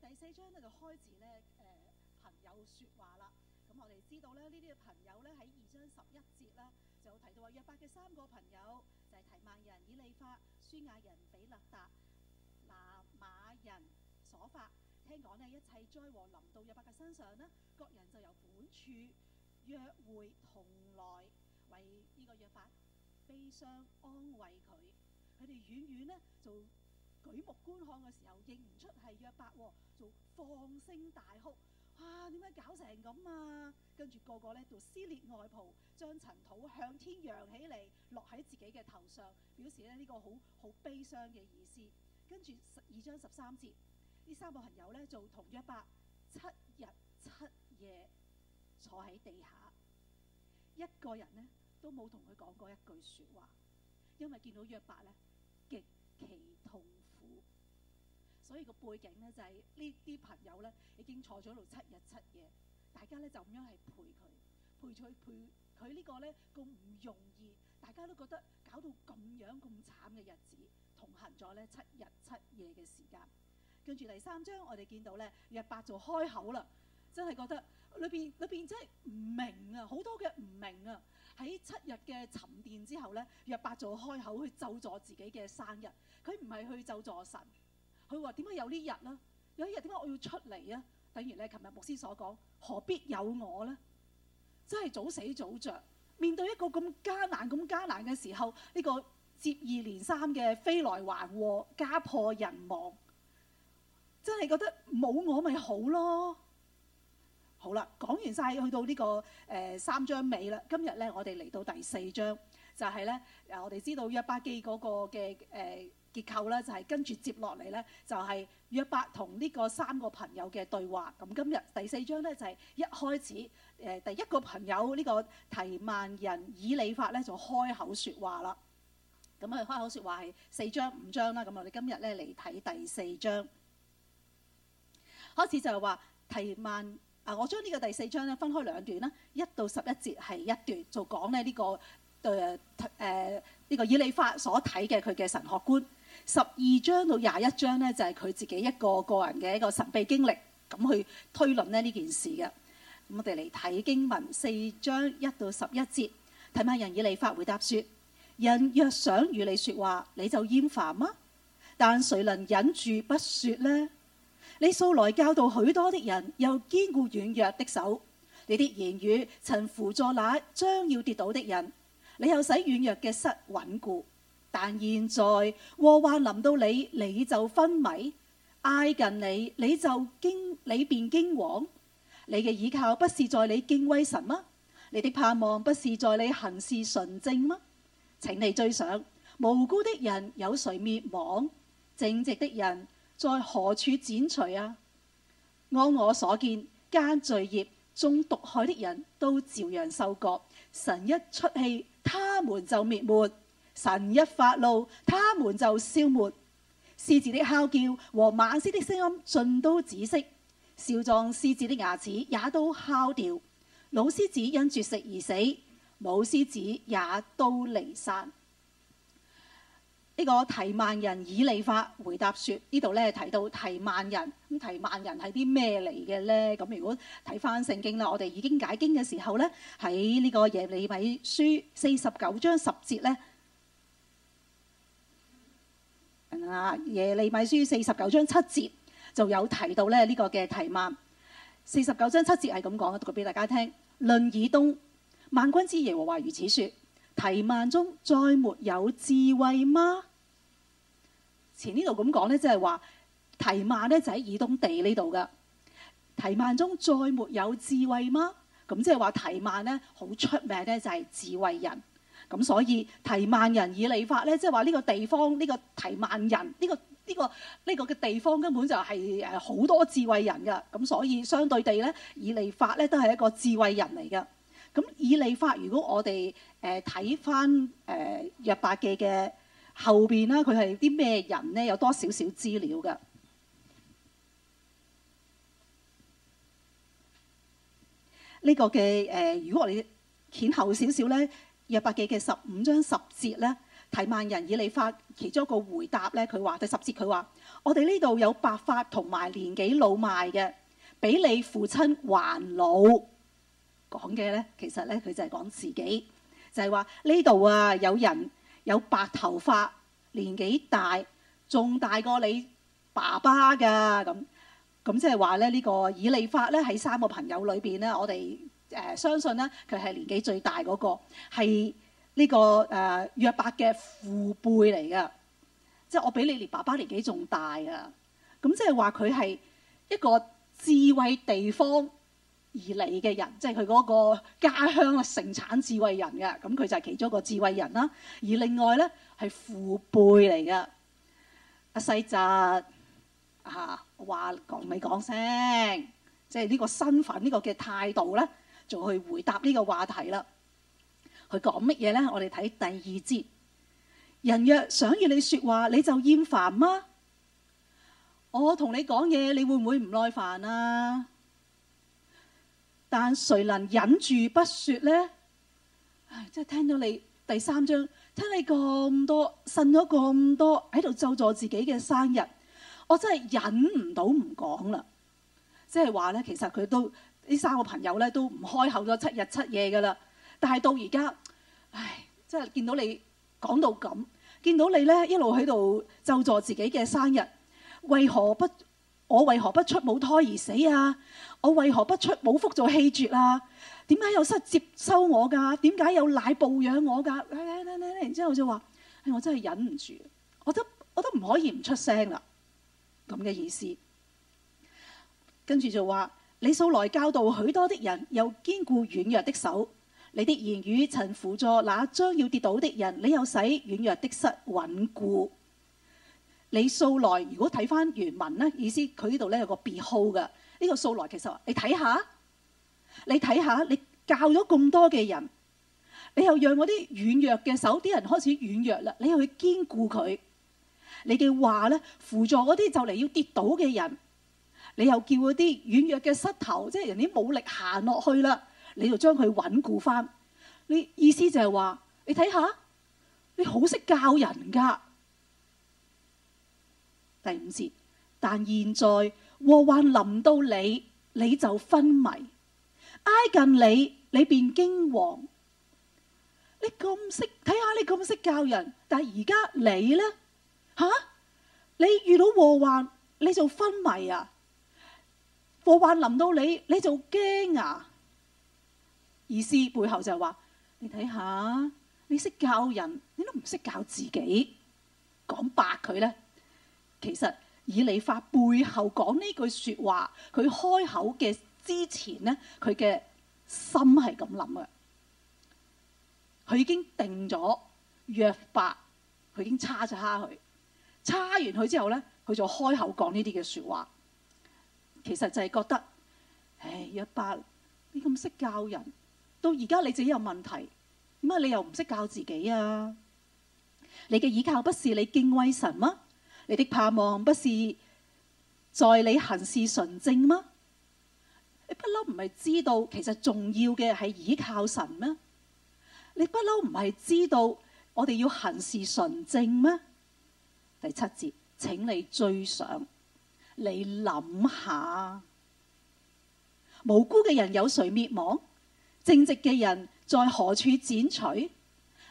第四章咧就開始咧，誒、呃、朋友説話啦。咁、嗯、我哋知道咧，呢啲嘅朋友咧喺二章十一節啦，就提到約伯嘅三個朋友，就係、是、提曼人以利法、舒雅人比勒達、拿馬人所法。聽講咧，一切災禍臨到約伯嘅身上咧，各人就由本處約會同來為呢個約伯悲傷安慰佢。佢哋遠遠咧就舉目觀看嘅時候，認唔出係約伯喎、哦。就放聲大哭，啊，點解搞成咁啊？跟住個個咧就撕裂外袍，將塵土向天揚起嚟，落喺自己嘅頭上，表示咧呢個好好悲傷嘅意思。跟住十二章十三節，呢三個朋友咧就同約伯七日七夜坐喺地下，一個人咧都冇同佢講過一句說話，因為見到約伯咧極其痛。所以個背景咧就係呢啲朋友咧已經坐咗度七日七夜，大家咧就咁樣係陪佢，陪佢陪佢呢個咧咁唔容易，大家都覺得搞到咁樣咁慘嘅日子，同行咗咧七日七夜嘅時間。跟住第三章，我哋見到咧，約伯座開口啦，真係覺得裏邊裏邊真係唔明啊，好多嘅唔明啊。喺七日嘅沉澱之後咧，約伯座開口去咒詛自己嘅生日，佢唔係去咒詛神。佢話點解有呢日呢？有一日點解我要出嚟啊？等如咧，琴日牧師所講，何必有我呢？真係早死早着。面對一個咁艱難、咁艱難嘅時候，呢個接二連三嘅飛來橫禍、家破人亡，真係覺得冇我咪好咯。好啦，講完晒去到呢個誒、呃、三章尾啦。今日咧，我哋嚟到第四章，就係咧，我哋知道約伯記嗰個嘅誒。呃結構咧就係跟住接落嚟咧，就係約伯同呢個三個朋友嘅對話。咁今日第四章咧就係、是、一開始誒、呃，第一個朋友呢、呢個提曼人以利法咧就開口說話啦。咁佢開口說話係四章五章啦。咁我哋今日咧嚟睇第四章，開始就係話提曼啊，我將呢個第四章咧分開兩段啦，一到十一節係一段，就講咧呢個誒誒呢個以利法所睇嘅佢嘅神學觀。十二章到廿一章呢，就係、是、佢自己一個個人嘅一個神秘經歷，咁去推論呢呢件事嘅、嗯。我哋嚟睇經文四章一到十一節，睇下人以利法回答說：人若想與你說話，你就厭煩嗎？但誰能忍住不說呢？你素來教導許多的人，又堅固軟弱的手，你的言語曾扶助那將要跌倒的人，你又使軟弱嘅膝穩固。但現在禍患臨到你，你就昏迷；挨近你，你就驚，你便驚惶。你嘅倚靠不是在你敬畏神嗎？你的盼望不是在你行事純正嗎？請你追想：無辜的人有誰滅亡？正直的人在何處剪除啊？按我所見，耕罪孽種毒害的人都照樣收割。神一出氣，他們就滅沒。神一發怒，他們就消沒。獅子的吼叫和猛獅的聲音盡都止息，少壯獅子的牙齒也都敲掉。老獅子因絕食而死，母獅子也都離散。呢個提幔人以利法回答說：呢度呢，提到提幔人，咁提幔人係啲咩嚟嘅呢？咁如果睇翻聖經啦，我哋已經解經嘅時候呢，喺呢個耶利米書四十九章十節呢。啊，耶利米書四十九章七節就有提到咧呢、這個嘅提幔。四十九章七節係咁講嘅，讀俾大家聽。論以東，萬軍之耶和華如此説：提幔中再沒有智慧嗎？前這這、就是、呢度咁講呢，即係話提幔呢就喺、是、以東地呢度噶。提幔中再沒有智慧嗎？咁即係話提幔呢好出名咧，就係智慧人。咁所以提萬人以利法咧，即係話呢個地方呢、呢個提萬人呢、呢個呢、呢個呢、呢個嘅地方根本就係誒好多智慧人噶，咁所以相對地咧，以利法咧都係一個智慧人嚟噶。咁以利法如果我哋誒睇翻誒約伯記嘅後邊啦，佢係啲咩人咧？有多少少資料噶？呢、呢個嘅誒、呃，如果我哋掀後少少咧？約伯記嘅十五章十節咧，提幔人以利法其中一個回答咧，佢話第十節佢話：我哋呢度有白髮同埋年紀老邁嘅，比你父親還老。講嘅咧，其實咧佢就係講自己，就係話呢度啊有人有白頭髮，年紀大，仲大過你爸爸㗎咁。咁即係話咧呢個以利法咧喺三個朋友裏邊咧，我哋。誒、呃、相信咧，佢係年紀最大嗰、那個，係呢、這個誒約伯嘅父輩嚟嘅，即係我比你哋爸爸年紀仲大啊！咁、嗯、即係話佢係一個智慧地方而嚟嘅人，即係佢嗰個家鄉盛產智慧人嘅，咁、嗯、佢就係其中一個智慧人啦。而另外咧係父輩嚟嘅，阿細侄啊，話講未講聲，即係呢個身份呢、這個嘅態度咧。就去回答呢個話題啦。佢講乜嘢咧？我哋睇第二節。人若想與你說話，你就厭煩嗎？我同你講嘢，你會唔會唔耐煩啊？但誰能忍住不說咧？唉，即係聽到你第三章，聽你咁多呻咗咁多，喺度咒詛自己嘅生日，我真係忍唔到唔講啦。即係話咧，其實佢都。呢三個朋友咧都唔開口咗七日七夜嘅啦，但係到而家，唉，真係見到你講到咁，見到你咧一路喺度咒詛自己嘅生日，為何不我為何不出母胎而死啊？我為何不出母腹做氣絕啊？點解有膝接收我㗎？點解有奶哺養我㗎？然之後就話，唉、哎，我真係忍唔住，我都我都唔可以唔出聲啦，咁嘅意思，跟住就話。你素來教導許多的人，又堅固軟弱的手。你的言語曾輔助那將要跌倒的人，你又使軟弱的膝穩固。你素來如果睇翻原文咧，意思佢呢度咧有個 behold 噶，呢、這個素來其實話你睇下，你睇下你，你教咗咁多嘅人，你又讓嗰啲軟弱嘅手啲人開始軟弱啦，你又去堅固佢。你嘅話咧，輔助嗰啲就嚟要跌倒嘅人。你又叫嗰啲軟弱嘅膝頭，即係人啲冇力行落去啦。你就將佢穩固翻。你意思就係話，你睇下你好識教人噶。第五節，但現在禍患臨到你，你就昏迷挨近你，你變驚惶。你咁識睇下，你咁識教人，但係而家你咧吓，你遇到禍患你就昏迷啊！我話臨到你你就驚啊，意思背後就係話，你睇下，你識教人，你都唔識教自己，講白佢咧，其實以利法背後講呢句說話，佢開口嘅之前咧，佢嘅心係咁諗嘅，佢已經定咗約伯，佢已經叉咗吓佢，叉完佢之後咧，佢就開口講呢啲嘅說話。其實就係覺得，唉、哎，約伯，你咁識教人，到而家你自己有問題，咁啊你又唔識教自己啊？你嘅依靠不是你敬畏神嗎？你的盼望不是在你行事純正嗎？你不嬲唔係知道，其實重要嘅係依靠神咩？你不嬲唔係知道，我哋要行事純正咩？第七節，請你追想。你諗下，無辜嘅人有誰滅亡？正直嘅人在何處剪除？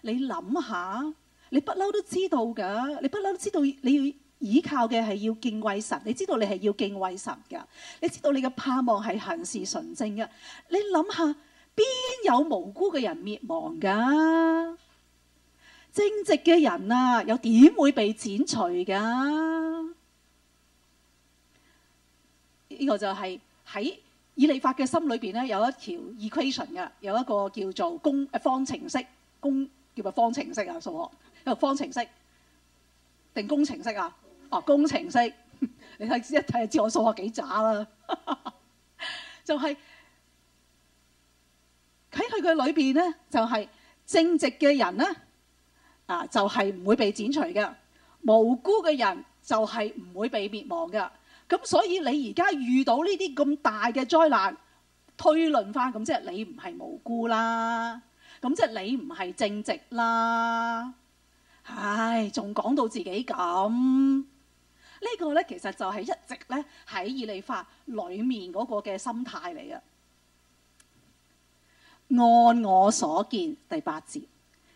你諗下，你不嬲都知道㗎，你不嬲知道你要依靠嘅係要敬畏神，你知道你係要敬畏神㗎，你知道你嘅盼望係行事純正嘅。你諗下，邊有無辜嘅人滅亡噶？正直嘅人啊，又點會被剪除噶？呢個就係喺以利法嘅心裏邊咧，有一條 equation 嘅，有一個叫做工誒、啊、方程式，工叫咪方程式啊？數學，一個方程式定工程式啊？哦、啊，工程式，你睇一睇就知我數學幾渣啦。就係喺佢嘅裏邊咧，就係、是、正直嘅人咧，啊，就係、是、唔會被剪除嘅；無辜嘅人就係唔會被滅亡嘅。咁所以你而家遇到呢啲咁大嘅災難，推論翻咁即係你唔係無辜啦，咁即係你唔係正直啦，唉，仲講到自己咁，呢、這個呢，其實就係一直呢喺以利法裏面嗰個嘅心態嚟嘅。按我所見第八節，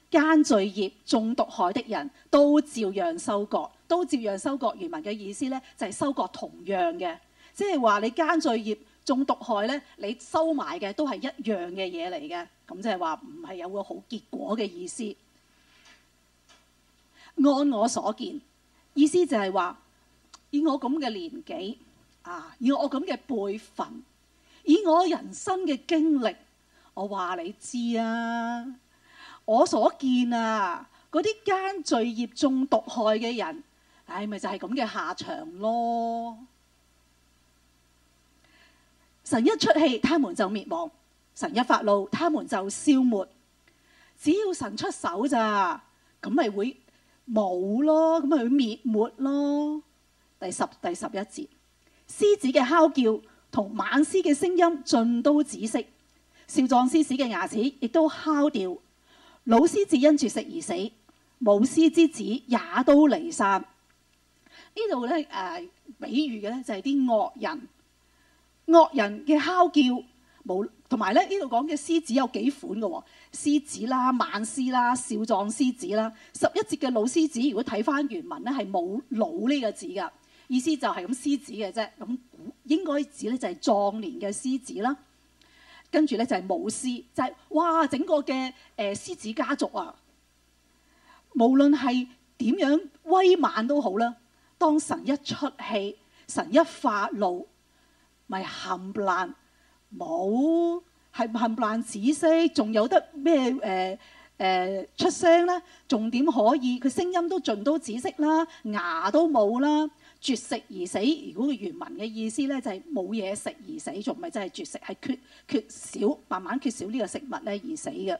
耕罪孽、種毒害的人都照樣收割。都接樣收割，原文嘅意思呢就係收割同樣嘅，即係話你耕罪孽、種毒害呢你收埋嘅都係一樣嘅嘢嚟嘅，咁即係話唔係有個好結果嘅意思。按我所見，意思就係話，以我咁嘅年紀，啊，以我咁嘅輩份，以我人生嘅經歷，我話你知啊，我所見啊，嗰啲耕罪孽、種毒害嘅人。係咪、哎、就係咁嘅下場咯？神一出氣，他們就滅亡；神一發怒，他們就消沒。只要神出手咋，咁咪會冇咯？咁咪會滅沒咯？第十、第十一節，獅子嘅吼叫同猛獅嘅聲音盡都止息，少壯獅子嘅牙齒亦都敲掉，老獅子因絕食而死，母獅之子也都離散。呢度咧誒，比喻嘅咧就係啲惡人，惡人嘅敲叫，無同埋咧呢度講嘅獅子有幾款嘅喎、哦，獅子啦、猛獅啦、少壯獅子啦，十一節嘅老獅子如果睇返原文咧係冇老呢個字嘅，意思就係咁獅子嘅啫，咁應該指咧就係、是、壯年嘅獅子啦。跟住咧就係母獅，就係、是就是、哇整個嘅誒獅子家族啊，無論係點樣威猛都好啦。當神一出氣，神一發怒，咪冚爛冇，係冚爛止息，仲有得咩？誒、呃、誒、呃、出聲咧，仲點可以？佢聲音都盡都止息啦，牙都冇啦，絕食而死。如果原文嘅意思咧，就係冇嘢食而死，仲唔係真係絕食，係缺缺少慢慢缺少呢個食物咧而死嘅。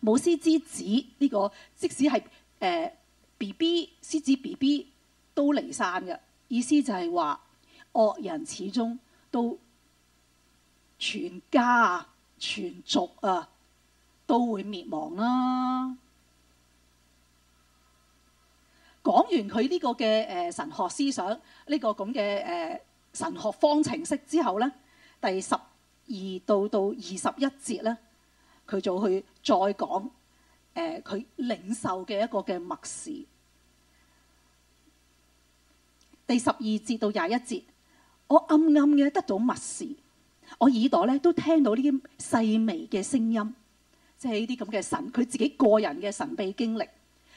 母獅之子呢個，即使係誒 B B 獅子 B B。呃 BB, 都離散嘅意思就係話惡人始終都全家全族啊都會滅亡啦。講完佢呢個嘅誒、呃、神學思想呢、呢個咁嘅誒神學方程式之後咧，第十二到到二十一節咧，佢就去再講誒佢、呃、領受嘅一個嘅默示。第十二節到廿一節，我暗暗嘅得到密視，我耳朵咧都聽到呢啲細微嘅聲音，即係呢啲咁嘅神佢自己個人嘅神秘經歷。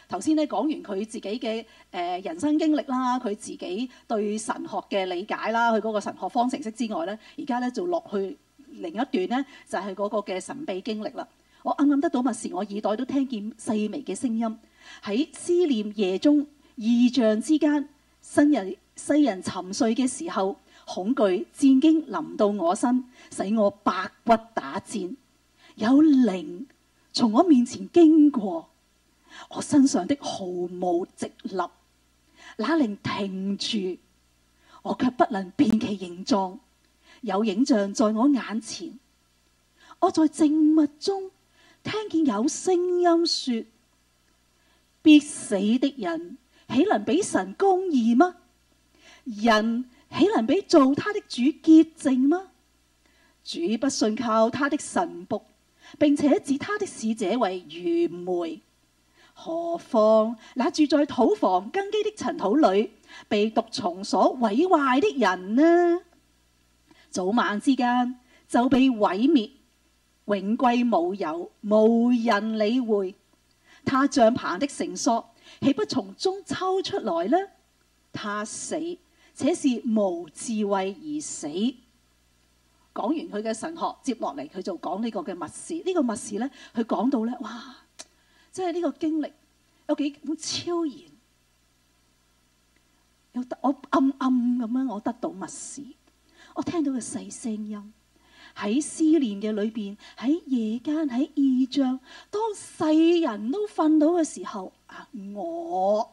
頭先咧講完佢自己嘅誒人生經歷啦，佢自己對神學嘅理解啦，佢嗰個神學方程式之外咧，而家咧就落去另一段咧，就係、是、嗰個嘅神秘經歷啦。我暗暗得到密視，我耳朵都聽見細微嘅聲音，喺思念夜中異象之間。新人世人沉睡嘅時候，恐懼戰兢臨到我身，使我百骨打戰。有靈從我面前經過，我身上的毫毛直立。那靈停住，我卻不能辨其形狀。有影像在我眼前，我在靜默中聽見有聲音說：必死的人，豈能俾神公義嗎？人豈能俾做他的主潔淨嗎？主不信靠他的神僕，並且指他的使者為愚昧。何況那住在土房根基的塵土裏，被毒蟲所毀壞的人呢？早晚之間就被毀滅，永歸無有，無人理會。他帳棚的繩索。豈不從中抽出來呢？他死，且是無智慧而死。講完佢嘅神學，接落嚟佢就講呢個嘅密事。這個、事呢個密事咧，佢講到咧，哇！即係呢個經歷有幾超然，有得我暗暗咁樣，我得到密事，我聽到個細聲音喺思念嘅裏邊，喺夜間喺異象，當世人都瞓到嘅時候。我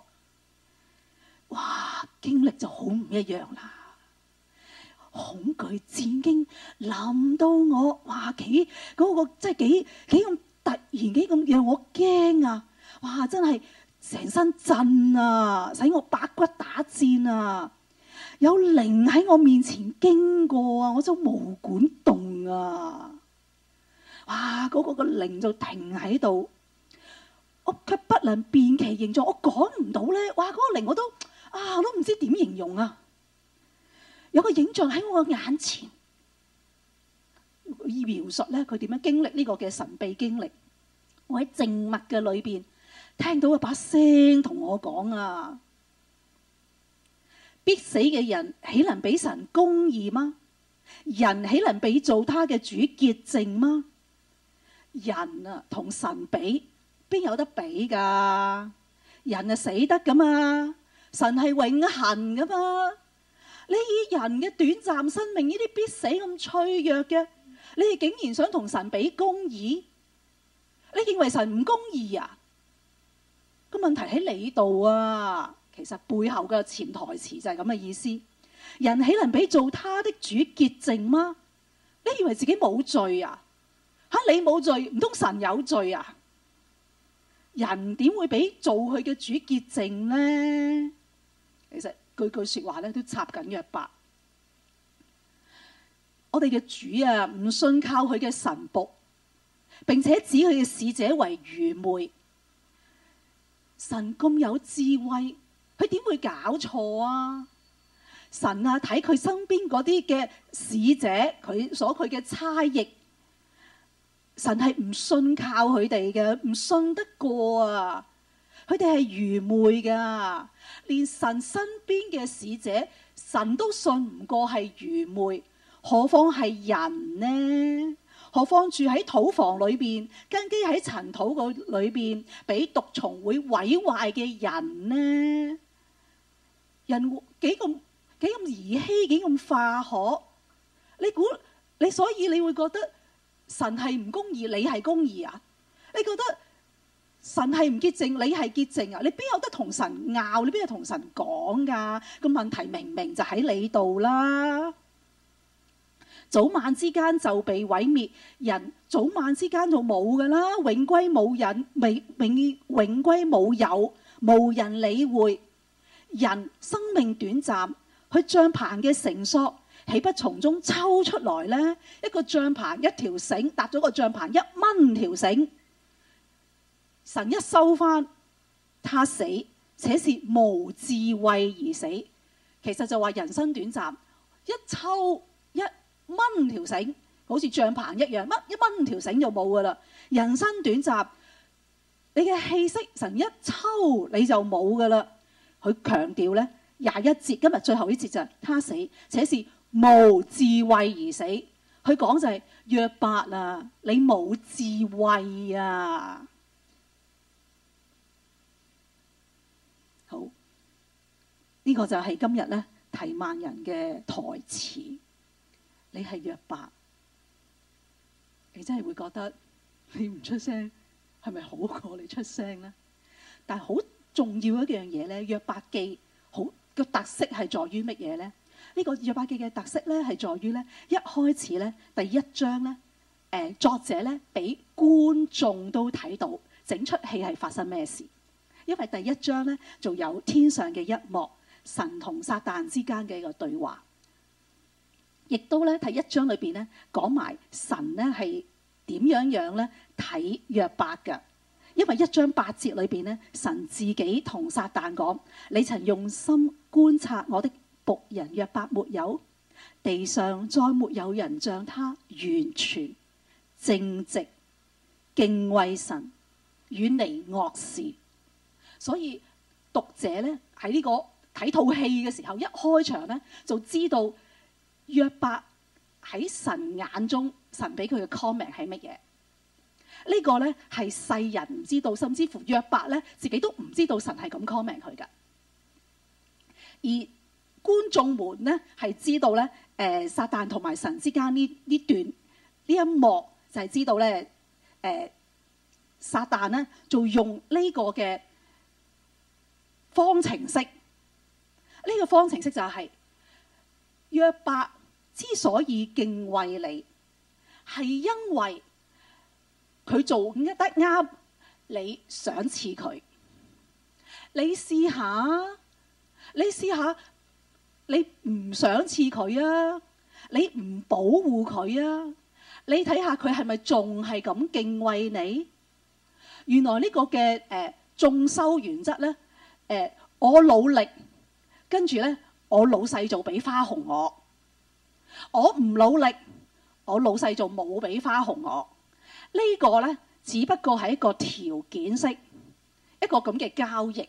哇，經歷就好唔一樣啦，恐懼戰驚，諗到我哇幾嗰、那個即係幾幾咁突然幾咁讓我驚啊！哇真係成身震啊，使我百骨打戰啊！有靈喺我面前經過啊，我就毛管動啊！哇嗰、那個個靈就停喺度，我能辨其形狀，我講唔到咧。哇，嗰、那個靈我都啊，我都唔知點形容啊。有個影像喺我眼前，描述咧佢點樣經歷呢個嘅神秘經歷。我喺靜默嘅裏邊，聽到一把聲同我講啊：必死嘅人豈能比神公義嗎？人豈能比造他嘅主潔淨嗎？人啊，同神比。邊有得比噶？人係死得噶嘛，神係永恆噶嘛。你以人嘅短暫生命，呢啲必死咁脆弱嘅，你哋竟然想同神比公義？你認為神唔公義啊？個問題喺你度啊。其實背後嘅潛台詞就係咁嘅意思。人豈能比造他的主潔淨嗎？你以為自己冇罪啊？吓，你冇罪，唔通神有罪啊？人點會俾做佢嘅主潔淨呢？其實句句説話咧都插緊約伯。我哋嘅主啊，唔信靠佢嘅神僕，並且指佢嘅使者為愚昧。神咁有智慧，佢點會搞錯啊？神啊，睇佢身邊嗰啲嘅使者，佢所佢嘅差役。神係唔信靠佢哋嘅，唔信得過啊！佢哋係愚昧㗎，連神身邊嘅使者，神都信唔過係愚昧，何況係人呢？何況住喺土房裏邊，根基喺塵土個裏邊，俾毒蟲會毀壞嘅人呢？人幾咁幾咁兒戲，幾咁化學？你估你所以你會覺得？神係唔公義，你係公義啊？你覺得神係唔潔淨，你係潔淨啊？你邊有得同神拗？你邊有同神講噶、啊？個問題明明就喺你度啦！早晚之間就被毀滅，人早晚之間就冇噶啦，永歸冇人，未永永永歸冇有，冇人理會。人生命短暫，佢帳棚嘅繩索。豈不從中抽出來呢？一個帳棚一條繩，搭咗個帳棚，一掹條繩，神一收返，他死，且是無智慧而死。其實就話人生短暫，一抽一掹條繩，好似帳棚一樣，乜一掹條繩就冇㗎喇。人生短暫，你嘅氣息神一抽你就冇㗎喇。佢強調呢，廿一節，今日最後一節就係、是、他死，且是，無智慧而死，佢講就係，約伯啊，你冇智慧啊。好，呢個就係今日咧提萬人嘅台詞。你係約伯，你真係會覺得你唔出聲係咪好過你出聲咧？但係好重要一樣嘢咧，約伯記好嘅特色係在於乜嘢咧？呢個約伯記嘅特色咧，係在於咧，一開始咧，第一章咧，誒作者咧，俾觀眾都睇到整出戲係發生咩事。因為第一章咧，就有天上嘅一幕，神同撒旦之間嘅一個對話，亦都咧第一章裏邊咧講埋神咧係點樣樣咧睇約伯嘅。因為一章八節裏邊咧，神自己同撒旦講：你曾用心觀察我的。僕人約伯沒有，地上再沒有人像他完全正直敬畏神遠離惡事。所以讀者咧喺呢個睇套戲嘅時候，一開場咧就知道約伯喺神眼中神俾佢嘅 comment 係乜嘢，這個，呢個咧係世人唔知道，甚至乎約伯咧自己都唔知道神係咁 comment 佢噶而觀眾們咧係知道咧，誒、呃、撒旦同埋神之間呢呢段呢一幕就係、是、知道咧，誒、呃、撒旦咧就用呢個嘅方程式，呢、這個方程式就係約伯之所以敬畏你係因為佢做一得啱，你想似佢，你試下，你試下。你唔賞賜佢啊！你唔保護佢啊！你睇下佢係咪仲係咁敬畏你？原來呢個嘅誒眾修原則咧，誒我努力，跟住咧，我老細就俾花紅我；我唔努力，我老細就冇俾花紅我。呢個咧，只不過係一個條件式，一個咁嘅交易。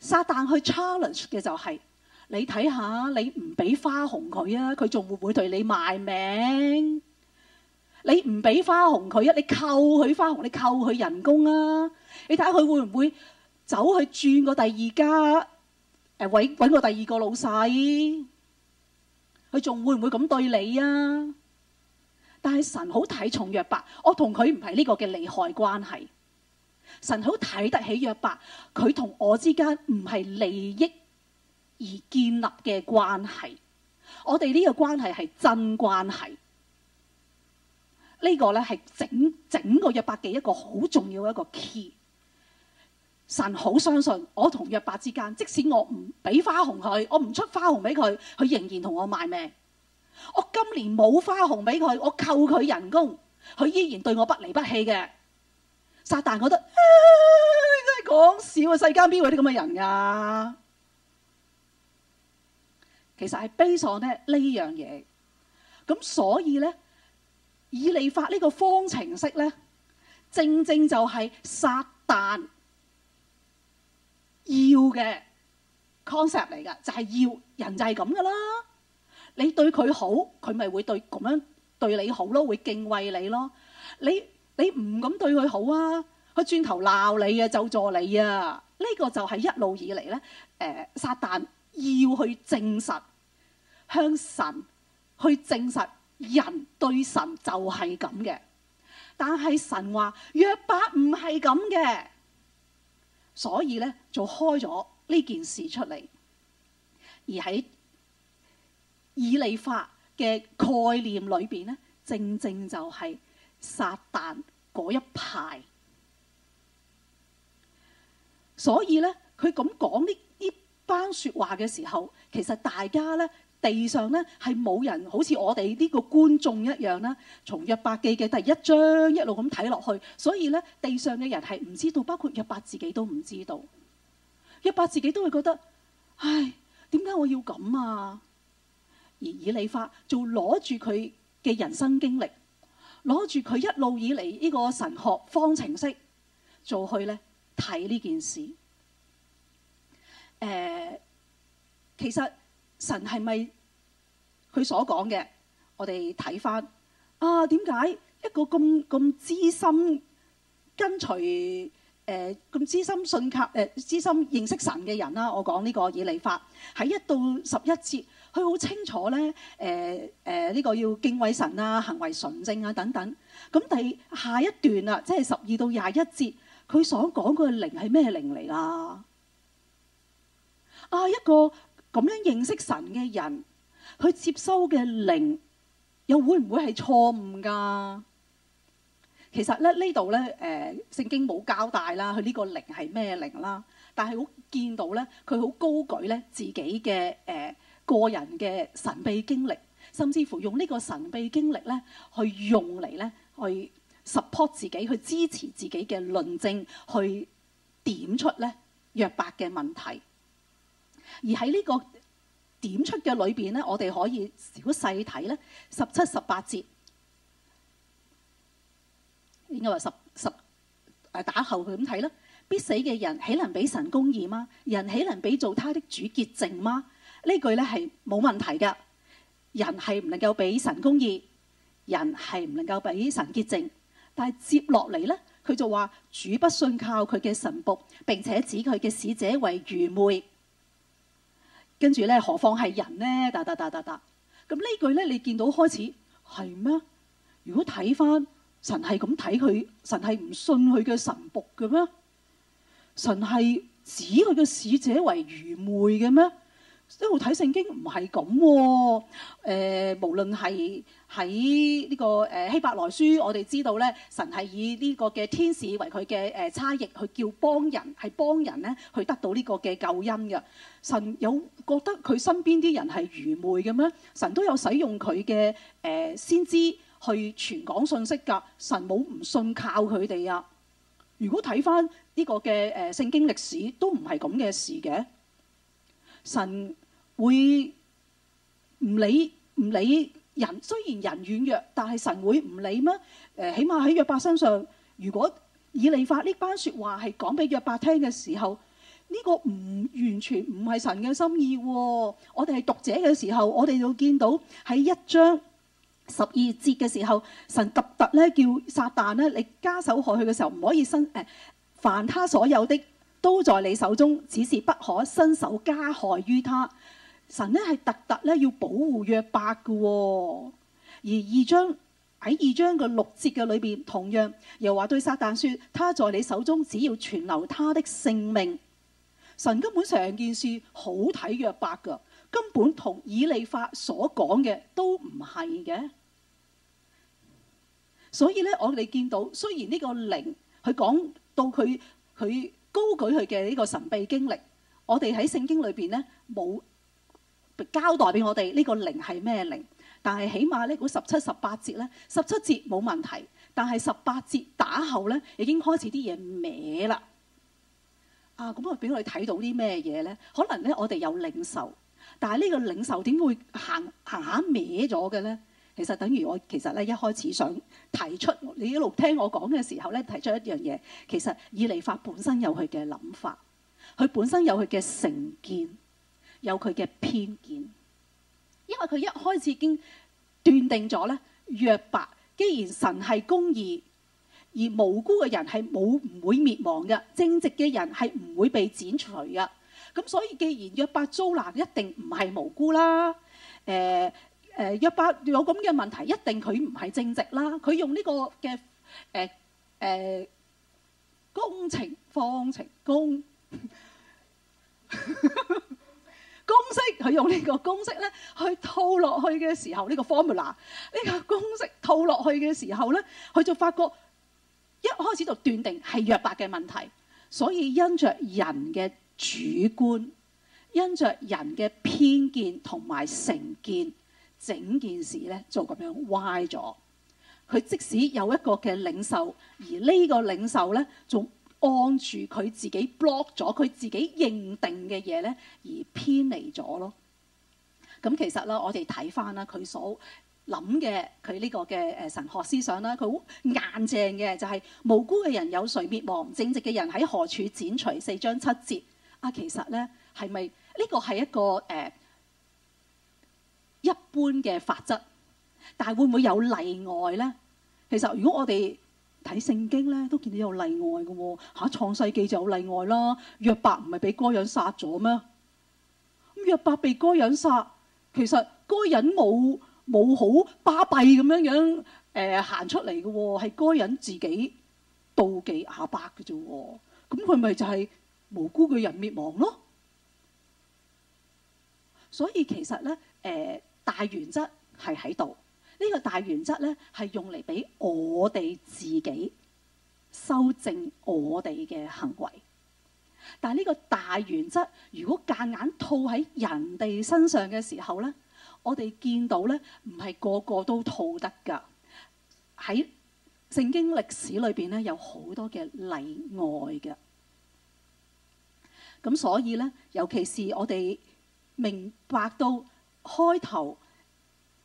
撒但去 challenge 嘅就係。你睇下，你唔俾花紅佢啊，佢仲會唔會對你賣命？你唔俾花紅佢啊，你扣佢花紅，你扣佢人工啊，你睇下佢會唔會走去轉個第二家？誒，搵搵個第二個老細，佢仲會唔會咁對你啊？但係神好睇重約伯，我同佢唔係呢個嘅利害關係。神好睇得起約伯，佢同我之間唔係利益。而建立嘅關係，我哋呢個關係係真關係。這個、呢個咧係整整個約伯記一個好重要一個 key。神好相信我同約伯之間，即使我唔俾花紅佢，我唔出花紅俾佢，佢仍然同我賣命。我今年冇花紅俾佢，我扣佢人工，佢依然對我不離不棄嘅。撒但覺得、哎、真係講笑啊！世間邊有啲咁嘅人啊？其實係悲喪咧呢樣嘢，咁所以咧以利法呢個方程式咧，正正就係撒但要嘅 concept 嚟噶，就係、是、要人就係咁噶啦。你對佢好，佢咪會對咁樣對你好咯，會敬畏你咯。你你唔敢對佢好啊，佢轉頭鬧你啊，咒詛你啊。呢、這個就係一路以嚟咧，誒、呃、撒但。要去證實，向神去證實人對神就係咁嘅，但係神話約伯唔係咁嘅，所以咧就開咗呢件事出嚟，而喺以利法嘅概念裏邊咧，正正就係撒旦一派，所以咧佢咁講呢班説話嘅時候，其實大家咧地上咧係冇人，好似我哋呢個觀眾一樣啦。從約伯記嘅第一章一路咁睇落去，所以咧地上嘅人係唔知道，包括約伯自己都唔知道。約伯自己都會覺得，唉，點解我要咁啊？而以利法就攞住佢嘅人生經歷，攞住佢一路以嚟呢個神學方程式做去咧睇呢件事。誒、呃，其實神係咪佢所講嘅？我哋睇翻啊，點解一個咁咁知心跟隨誒咁、呃、知心信靠誒、呃、知心認識神嘅人啦？我講呢個以利法喺一到十一節，佢好清楚咧。誒、呃、誒，呢、呃這個要敬畏神啊，行為純正啊，等等。咁第下一段啊，即係十二到廿一節，佢所講個靈係咩靈嚟㗎？啊！一個咁樣認識神嘅人，去接收嘅靈，又會唔會係錯誤噶？其實咧呢度咧，誒聖經冇交代啦，佢呢個靈係咩靈啦？但係好見到咧，佢好高舉咧自己嘅誒、呃、個人嘅神秘經歷，甚至乎用呢個神秘經歷咧去用嚟咧去 support 自己，去支持自己嘅論證，去點出咧約伯嘅問題。而喺呢個點出嘅裏邊咧，我哋可以小細睇咧，十七十八節，應該話十十誒打後佢咁睇啦。必死嘅人，豈能俾神公義嗎？人豈能俾做他的主潔淨嗎？呢句咧係冇問題嘅。人係唔能夠俾神公義，人係唔能夠俾神潔淨。但係接落嚟咧，佢就話主不信靠佢嘅神僕，並且指佢嘅使者為愚昧。跟住咧，何況係人咧，答答答答答。咁呢句咧，你見到開始係咩？如果睇返神係咁睇佢，神係唔信佢嘅神僕嘅咩？神係指佢嘅使者為愚昧嘅咩？因為睇聖經唔係咁喎，誒、哦呃，無論係喺呢個誒希、呃、伯來書，我哋知道咧，神係以呢個嘅天使為佢嘅誒差役去叫幫人，係幫人咧去得到呢個嘅救恩嘅。神有覺得佢身邊啲人係愚昧嘅咩？神都有使用佢嘅誒先知去傳講信息㗎。神冇唔信靠佢哋啊！如果睇翻呢個嘅誒聖經歷史，都唔係咁嘅事嘅。神。會唔理唔理人？雖然人軟弱，但係神會唔理咩？誒、呃，起碼喺約伯身上，如果以利法呢班説話係講俾約伯聽嘅時候，呢、這個唔完全唔係神嘅心意喎、哦。我哋係讀者嘅時候，我哋就見到喺一章十二節嘅時候，神 abrupt 咧叫撒旦咧，你加手害佢嘅時候，唔可以伸誒，凡他所有的都在你手中，只是不可伸手加害於他。神咧係特特咧要保護約伯嘅，而二章喺二章嘅六節嘅裏邊，同樣又話對撒旦説：他在你手中，只要存留他的性命。神根本成件事好睇約伯嘅，根本同以利法所講嘅都唔係嘅。所以咧，我哋見到雖然呢個靈佢講到佢佢高舉佢嘅呢個神秘經歷，我哋喺聖經裏邊咧冇。交代俾我哋呢、這個靈係咩靈？但係起碼呢股十七十八節咧，十七節冇問題，但係十八節打後咧已經開始啲嘢歪啦。啊，咁啊，俾我哋睇到啲咩嘢咧？可能咧我哋有領受，但係呢個領受點會行行下歪咗嘅咧？其實等於我其實咧一開始想提出，你一路聽我講嘅時候咧提出一樣嘢，其實以利法本身有佢嘅諗法，佢本身有佢嘅成見。有佢嘅偏見，因為佢一開始已經斷定咗咧。約伯，既然神係公義，而無辜嘅人係冇唔會滅亡嘅，正直嘅人係唔會被剪除嘅。咁所以，既然約伯遭難，一定唔係無辜啦。誒、呃、誒，約、呃、伯有咁嘅問題，一定佢唔係正直啦。佢用呢個嘅誒誒工程、方、呃、程、工、呃。公式佢用呢個公式咧去套落去嘅時候，呢個 formula 呢個公式套落去嘅時候咧，佢就發覺一開始就斷定係約伯嘅問題，所以因着人嘅主觀，因着人嘅偏見同埋成見，整件事咧就咁樣歪咗。佢即使有一個嘅領袖，而呢個領袖咧，仲。按住佢自己 block 咗佢自己認定嘅嘢咧，而偏離咗咯。咁其實啦，我哋睇翻啦，佢所諗嘅佢呢個嘅誒神學思想啦，佢好硬淨嘅、就係，就係無辜嘅人有誰滅亡？正直嘅人喺何處剪除，四章七節。啊，其實咧係咪呢個係一個誒、啊、一般嘅法則？但係會唔會有例外咧？其實如果我哋睇聖經咧，都見到有例外嘅喎、哦。嚇、啊，創世記就有例外啦。約伯唔係俾該隱殺咗咩？咁約伯被該隱殺，其實該隱冇冇好巴閉咁樣樣誒行出嚟嘅喎，係該隱自己妒忌亞伯嘅啫喎。咁佢咪就係無辜嘅人滅亡咯？所以其實咧，誒、呃、大原則係喺度。呢個大原則咧，係用嚟俾我哋自己修正我哋嘅行為。但係呢個大原則，如果夾硬硬套喺人哋身上嘅時候咧，我哋見到咧，唔係個個都套得㗎。喺聖經歷史裏邊咧，有好多嘅例外嘅。咁所以咧，尤其是我哋明白到開頭。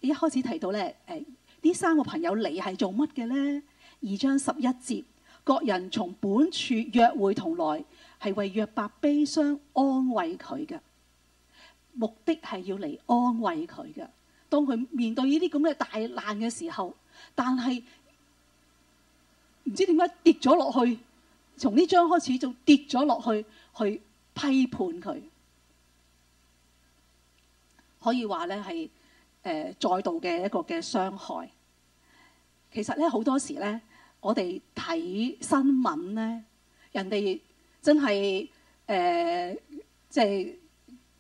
你一開始提到咧，誒、哎、呢三個朋友嚟係做乜嘅咧？二章十一節，各人從本處約會同來，係為約伯悲傷安慰佢嘅，目的係要嚟安慰佢嘅。當佢面對呢啲咁嘅大難嘅時候，但係唔知點解跌咗落去，從呢章開始就跌咗落去，去批判佢。可以話咧係。誒、呃、再度嘅一個嘅傷害，其實咧好多時咧，我哋睇新聞咧，人哋真係誒即係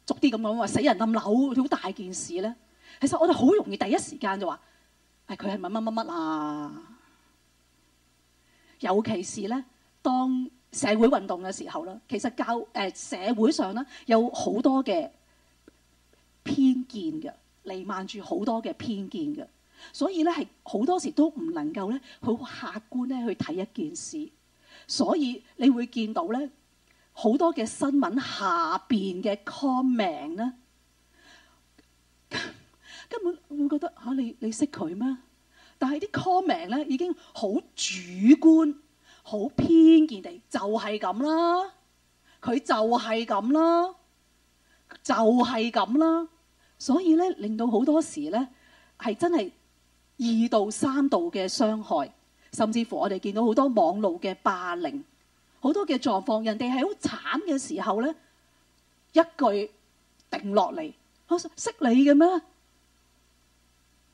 逐啲咁講話死人冧樓，好大件事咧。其實我哋好容易第一時間就話：誒佢係乜乜乜乜啊！尤其是咧，當社會運動嘅時候咧，其實教誒、呃、社會上咧有好多嘅偏見嘅。彌漫住好多嘅偏見嘅，所以咧係好多時都唔能夠咧好客觀咧去睇一件事，所以你會見到咧好多嘅新聞下邊嘅 comment 咧，根本會覺得吓、啊、你你識佢咩？但係啲 comment 咧已經好主觀、好偏見地就係咁啦，佢就係咁啦，就係咁啦。所以咧，令到好多時咧，係真係二度三度嘅傷害，甚至乎我哋見到好多網路嘅霸凌，好多嘅狀況，人哋係好慘嘅時候咧，一句定落嚟，我識你嘅咩？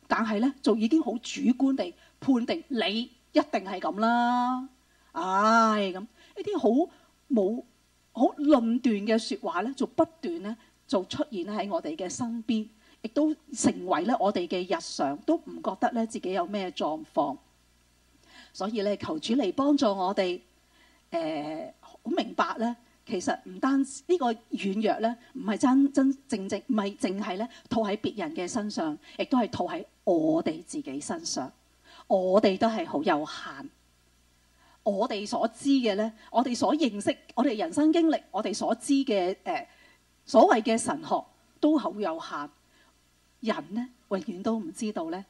但係咧，就已經好主觀地判定你一定係咁啦，唉咁一啲好冇好論斷嘅説話咧，就不斷咧。就出現喺我哋嘅身邊，亦都成為咧我哋嘅日常，都唔覺得咧自己有咩狀況。所以咧，求主嚟幫助我哋，誒、呃、好明白咧，其實唔單止呢個軟弱咧，唔係真真正正，唔係淨係咧套喺別人嘅身上，亦都係套喺我哋自己身上。我哋都係好有限，我哋所知嘅咧，我哋所認識，我哋人生經歷，我哋所知嘅誒。呃所謂嘅神學都好有限，人呢永遠都唔知道咧。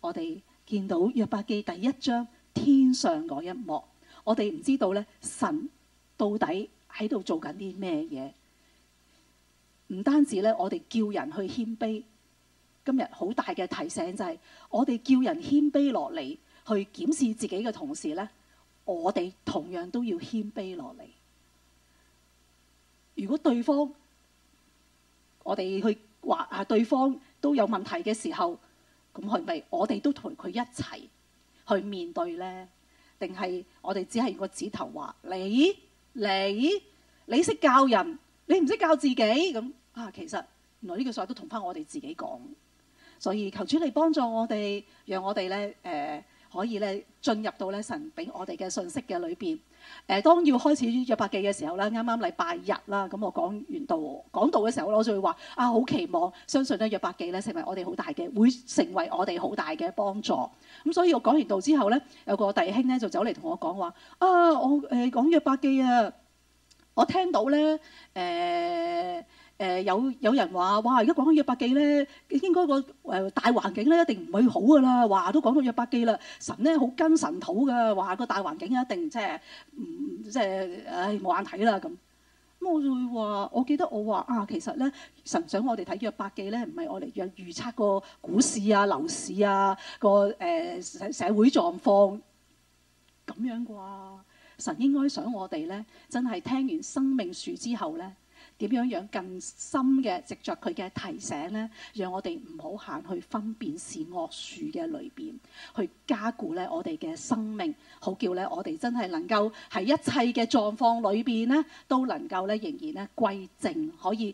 我哋見到約伯記第一章天上嗰一幕，我哋唔知道咧神到底喺度做緊啲咩嘢。唔單止咧，我哋叫人去謙卑，今日好大嘅提醒就係我哋叫人謙卑落嚟去檢視自己嘅同時咧，我哋同樣都要謙卑落嚟。如果對方，我哋去話啊，對方都有問題嘅時候，咁係咪我哋都同佢一齊去面對咧？定係我哋只係個指頭話你，你你識教人，你唔識教自己咁啊？其實原來呢句說話都同翻我哋自己講，所以求主你幫助我哋，讓我哋咧誒。呃可以咧進入到咧神俾我哋嘅信息嘅裏邊。誒、呃，當要開始約伯記嘅時候咧，啱啱禮拜日啦，咁、嗯、我講完道講道嘅時候咧，我就會話啊，好期望相信咧約伯記咧成為我哋好大嘅，會成為我哋好大嘅幫助。咁、嗯、所以我講完道之後咧，有個弟兄咧就走嚟同我講話啊，我誒講、呃、約伯記啊，我聽到咧誒。呃誒、呃、有有人話哇而家講開約伯記咧，應該、那個誒、呃、大環境咧一定唔會好噶啦，話都講到約伯記啦，神咧好跟神土噶話、這個大環境一定即係唔即係唉冇眼睇啦咁。咁我會話，我記得我話啊，其實咧神想我哋睇約伯記咧，唔係我哋約預測個股市啊、樓市啊、個誒、呃、社會狀況咁樣啩。神應該想我哋咧，真係聽完生命樹之後咧。點樣樣更深嘅藉著佢嘅提醒呢？讓我哋唔好行去分辨善惡樹嘅裏邊，去加固咧我哋嘅生命，好叫咧我哋真係能夠喺一切嘅狀況裏邊呢，都能夠咧仍然咧歸正，可以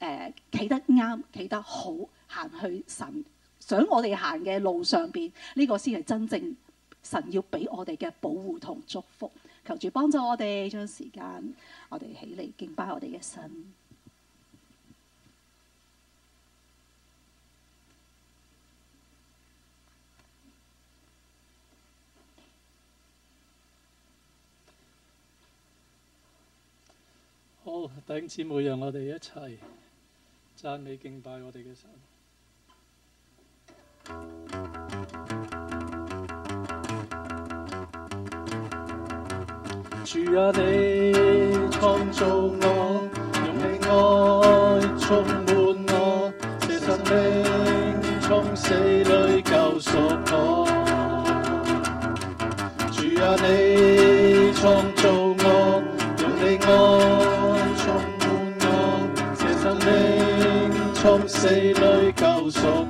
誒企、呃、得啱，企得好，行去神想我哋行嘅路上邊，呢、這個先係真正神要俾我哋嘅保護同祝福。求主幫助我哋將時間，我哋起嚟敬拜我哋嘅神。好，弟兄姊妹，讓我哋一齊讚美敬拜我哋嘅神。主啊你，你創造我，用你愛充滿我，這神靈從死裏救贖我。主啊你，你創造我，用你愛充滿我，這神靈從死裏救贖。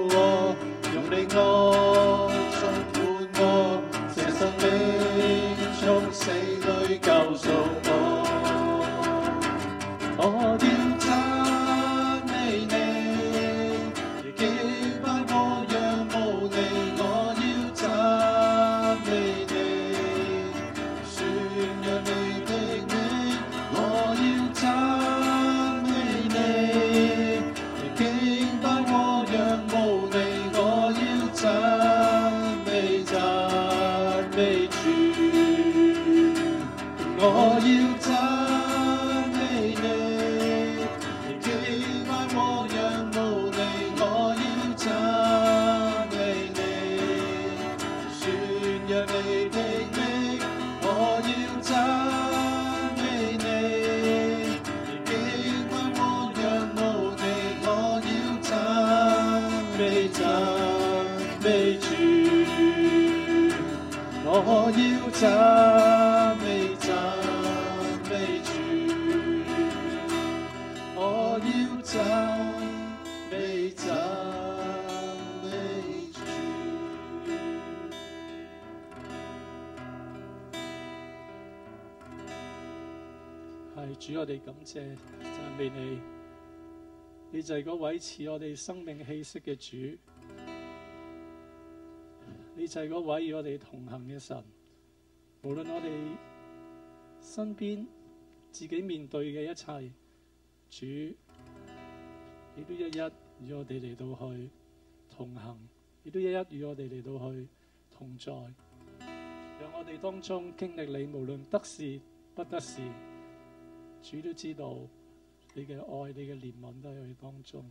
你就係位似我哋生命氣息嘅主，你就係位與我哋同行嘅神。無論我哋身邊自己面對嘅一切，主，你都一一與我哋嚟到去同行，亦都一一與我哋嚟到去同在。讓我哋當中經歷你，無論得事不得事，主都知道。你嘅愛，你嘅憐憫，都喺佢哋當中。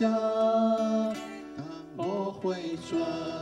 但我回轉。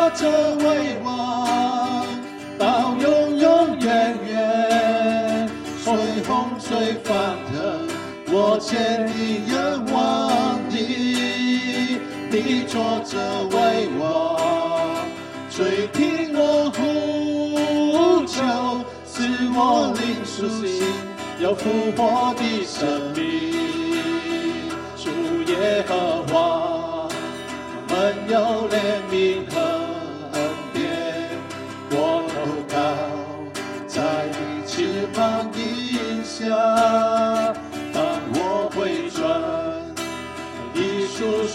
着為王唱未完，到永永遠遠，隨風隨發人。我千里遠望你，你坐着為王，垂聽我呼求，使我靈蘇醒，有復活的生命。主耶和華，我們有憐憫。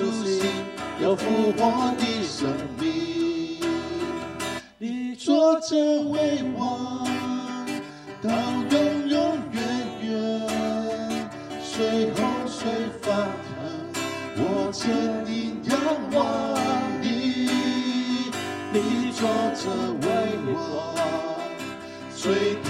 初心，要復活的生命，你坐着為王到永永遠遠，隨洪水泛濫，我堅定仰望你。你坐着為王。隨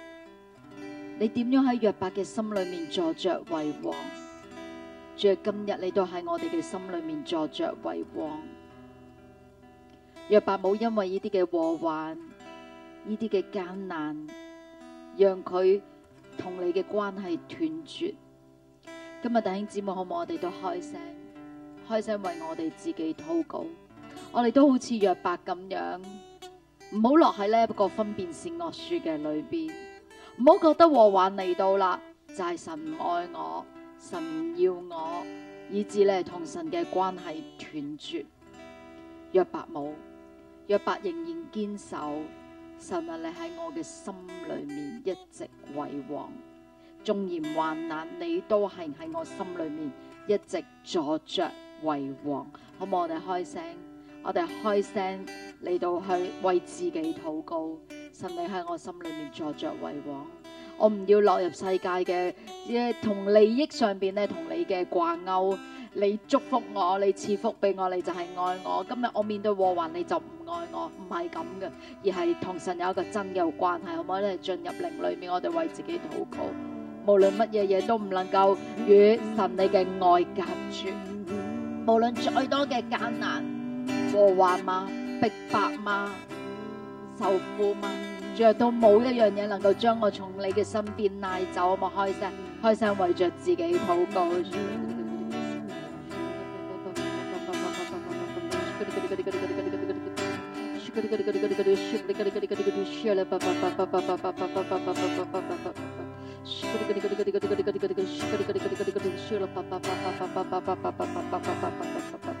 你點樣喺約伯嘅心裏面坐着為王？在今日你都喺我哋嘅心裏面坐着為王。約伯冇因為呢啲嘅禍患、呢啲嘅艱難，讓佢同你嘅關係斷絕。今日弟兄姊妹，好唔好？我哋都開聲，開聲為我哋自己禱告？我哋都好似約伯咁樣，唔好落喺呢一個分辨善惡樹嘅裏邊。唔好覺得禍患嚟到啦，就係、是、神唔愛我，神唔要我，以致你同神嘅關係斷絕。約伯冇，約伯仍然堅守，神啊，你喺我嘅心裏面一直為王，縱然患難，你都係喺我心裏面一直坐着為王。好唔好？我哋開聲。我哋開聲嚟到去為自己禱告，神你喺我心裏面坐着為王，我唔要落入世界嘅，即同利益上邊咧同你嘅掛鈎。你祝福我，你賜福俾我，你就係愛我。今日我面對禍患，你就唔愛我，唔係咁嘅，而係同神有一個真有關係，可唔可以進入靈裏面？我哋為自己禱告，無論乜嘢嘢都唔能夠與神你嘅愛隔絕，無論再多嘅艱難。禍患嗎？逼迫嗎？仇富嗎？若到冇一樣嘢能夠將我從你嘅身邊拉走，我開聲，開聲為着自己禱告。嗯嗯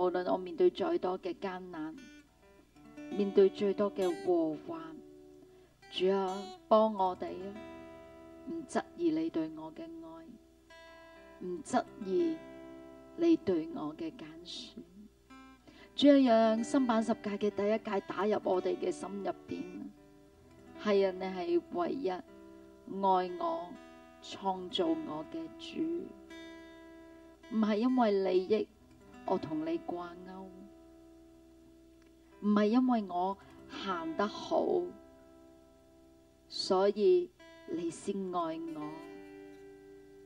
無論我面對再多嘅艱難，面對最多嘅禍患，主啊，幫我哋啊，唔質疑你對我嘅愛，唔質疑你對我嘅揀選，主要讓新版十屆誡嘅第一誡打入我哋嘅心入邊，係啊，你係唯一愛我、創造我嘅主，唔係因為利益。我同你掛鈎，唔係因為我行得好，所以你先愛我。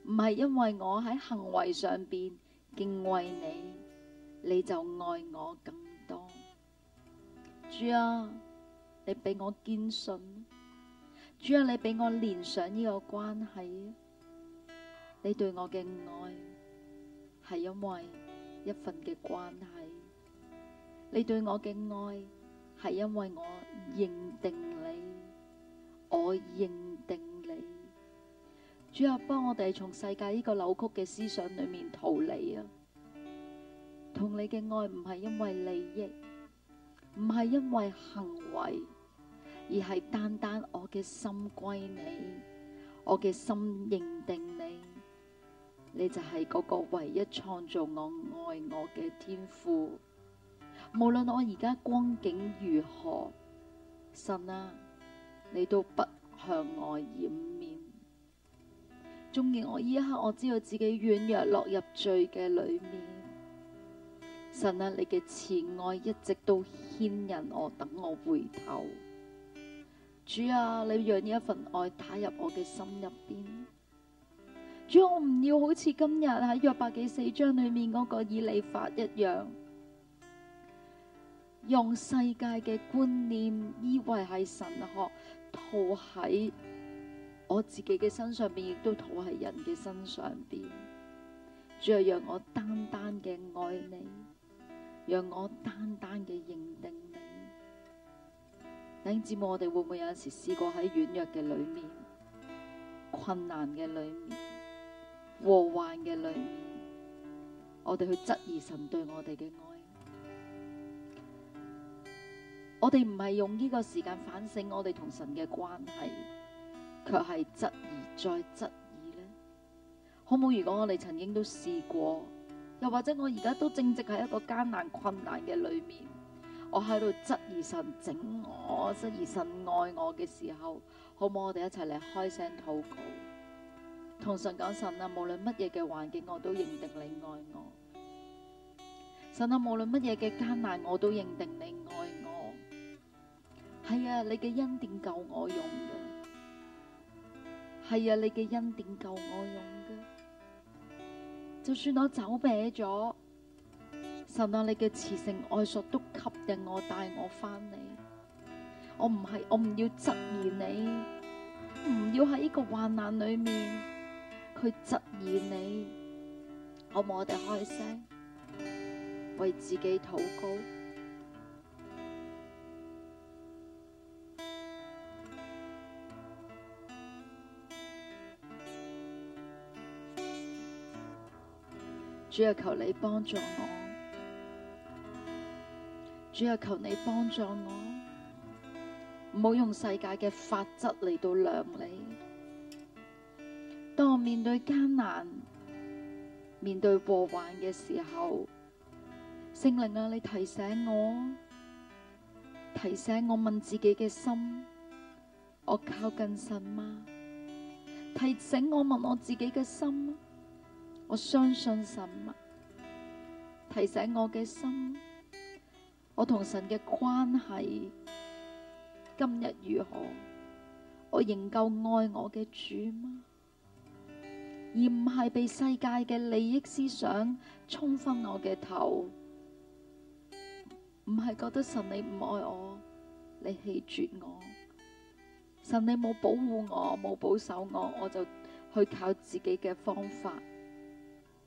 唔係因為我喺行為上面敬愛你，你就愛我更多。主啊，你畀我堅信，主啊，你畀我連上呢個關係，你對我嘅愛係因為。一份嘅關係，你對我嘅愛係因為我認定你，我認定你，主要幫我哋從世界呢個扭曲嘅思想裏面逃離啊！同你嘅愛唔係因為利益，唔係因為行為，而係單單我嘅心歸你，我嘅心認定你。你就係嗰個唯一創造我愛我嘅天父，無論我而家光景如何，神啊，你都不向我掩面，縱然我呢一刻，我知道自己軟弱落入罪嘅裏面，神啊，你嘅慈愛一直都牽引我，等我回頭，主啊，你讓呢一份愛打入我嘅心入邊。主，我唔要好似今日喺約伯記四章裏面嗰個以利法一樣，用世界嘅觀念以為係神學，套喺我自己嘅身上邊，亦都套喺人嘅身上邊。最後讓我單單嘅愛你，讓我單單嘅認定你。弟兄姊妹，我哋會唔會有陣時試過喺軟弱嘅裏面、困難嘅裏面？禍患嘅裏面，我哋去質疑神對我哋嘅愛。我哋唔係用呢個時間反省我哋同神嘅關係，卻係質疑再質疑呢，好唔好？如果我哋曾經都試過，又或者我而家都正直喺一個艱難困難嘅裏面，我喺度質疑神整我，質疑神愛我嘅時候，好唔好我？我哋一齊嚟開聲禱告。同神講，神啊，無論乜嘢嘅環境，我都認定你愛我。神啊，無論乜嘢嘅艱難，我都認定你愛我。係啊，你嘅恩典夠我用嘅。係啊，你嘅恩典夠我用嘅。就算我走歪咗，神啊，你嘅慈繩愛索都吸引我帶我翻嚟。我唔係，我唔要質疑你，唔要喺呢個患難裏面，去質疑你，我唔我哋開聲？為自己禱告， 主要求你幫助我！主要求你幫助我！唔好用世界嘅法則嚟度量你。當我面對艱難，面對禍患嘅時候，聖靈啊，你提醒我，提醒我問自己嘅心：我靠近神嗎？提醒我問我自己嘅心：我相信神嗎？提醒我嘅心：我同神嘅關係今日如何？我仍舊愛我嘅主嗎？而唔係被世界嘅利益思想沖昏我嘅頭，唔係覺得神你唔愛我，你棄絕我，神你冇保護我，冇保守我，我就去靠自己嘅方法，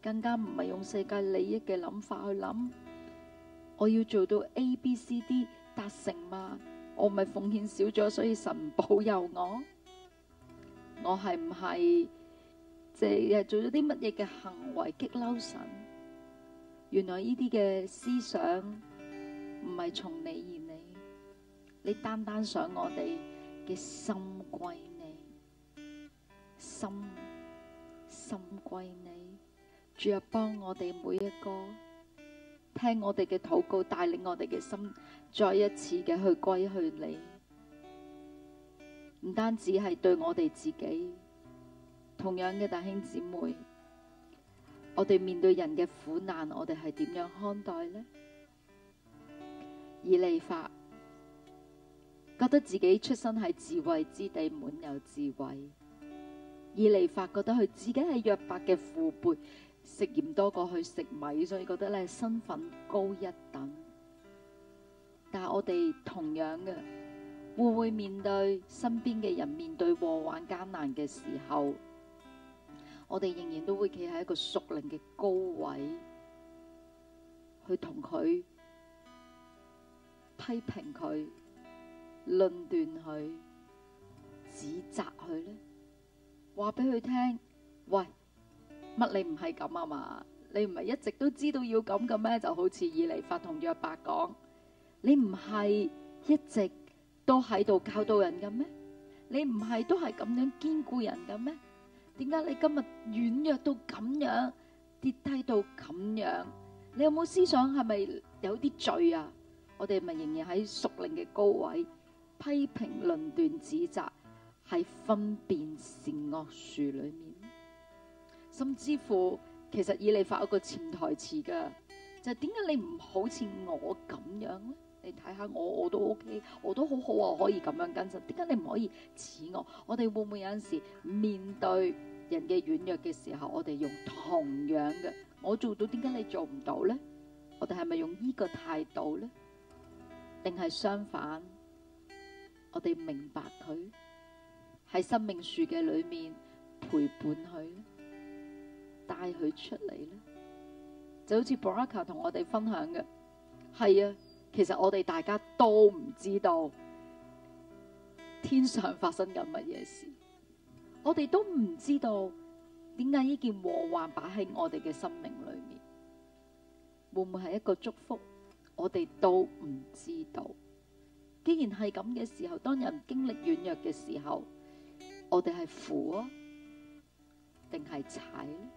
更加唔係用世界利益嘅諗法去諗，我要做到 A、B、C、D 達成嘛，我唔係奉獻少咗，所以神保佑我，我係唔係？即係做咗啲乜嘢嘅行為激嬲神？原來呢啲嘅思想唔係從你而嚟，你單單想我哋嘅心歸你，心心歸你，仲有幫我哋每一個聽我哋嘅禱告，帶領我哋嘅心再一次嘅去歸去你，唔單止係對我哋自己。同樣嘅弟兄姊妹，我哋面對人嘅苦難，我哋係點樣看待呢？以利法覺得自己出生喺智慧之地，滿有智慧。以利法覺得佢自己係約伯嘅父輩，食鹽多過佢食米，所以覺得咧身份高一等。但係我哋同樣嘅，會唔會面對身邊嘅人面對禍患艱難嘅時候？我哋仍然都會企喺一個屬靈嘅高位，去同佢批評佢、論斷佢、指責佢咧，話俾佢聽：喂，乜你唔係咁啊嘛？你唔係一直都知道要咁嘅咩？就好似以利法同約伯講：你唔係一直都喺度教導人嘅咩？你唔係都係咁樣堅固人嘅咩？點解你今日軟弱到咁樣，跌低到咁樣？你有冇思想係咪有啲罪啊？我哋咪仍然喺屬靈嘅高位批評、論斷、指責，喺分辨善惡樹裏面，甚至乎其實以你發一個潛台詞噶，就係點解你唔好似我咁樣咧？你睇下我，我都 ok，我都好好啊，可以咁樣跟神。點解你唔可以似我？我哋會唔會有陣時面對？人嘅軟弱嘅時候，我哋用同樣嘅，我做到點解你做唔到呢？我哋係咪用依個態度呢？定係相反？我哋明白佢喺生命樹嘅裏面陪伴佢，帶佢出嚟呢，就好似 Beracah 同我哋分享嘅，係啊，其實我哋大家都唔知道天上發生緊乜嘢事。我哋都唔知道點解呢件禍患擺喺我哋嘅生命裏面，會唔會係一個祝福？我哋都唔知道。既然係咁嘅時候，當人經歷軟弱嘅時候，我哋係扶啊，定係踩呢？